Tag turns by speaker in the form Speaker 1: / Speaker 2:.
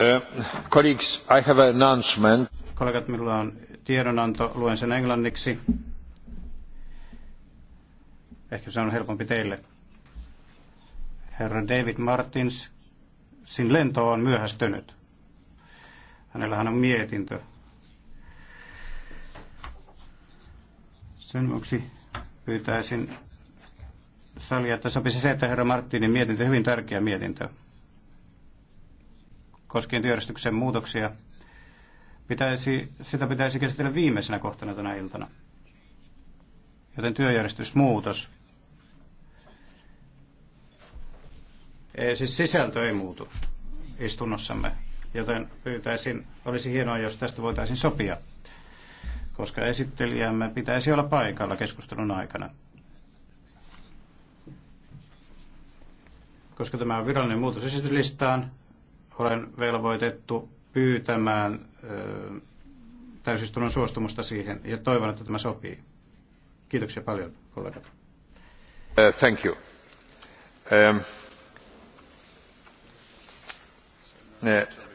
Speaker 1: Uh, Kollegat, minulla on tiedonanto. Luen sen englanniksi. Ehkä se on helpompi teille. Herra David Martins, sin lento on myöhästynyt. Hänellähän on mietintö. Sen vuoksi pyytäisin salia, että sopisi se, että herra Martinin mietintö, hyvin tärkeä mietintö, koskien työjärjestyksen muutoksia, pitäisi, sitä pitäisi käsitellä viimeisenä kohtana tänä iltana. Joten työjärjestysmuutos. E, siis sisältö ei muutu istunnossamme, joten pyytäisin, olisi hienoa, jos tästä voitaisiin sopia, koska esittelijämme pitäisi olla paikalla keskustelun aikana. koska tämä on virallinen muutos esityslistaan, olen velvoitettu pyytämään täysistunnon suostumusta siihen ja toivon, että tämä sopii. Kiitoksia paljon, kollegat. Uh, thank you. Um, uh,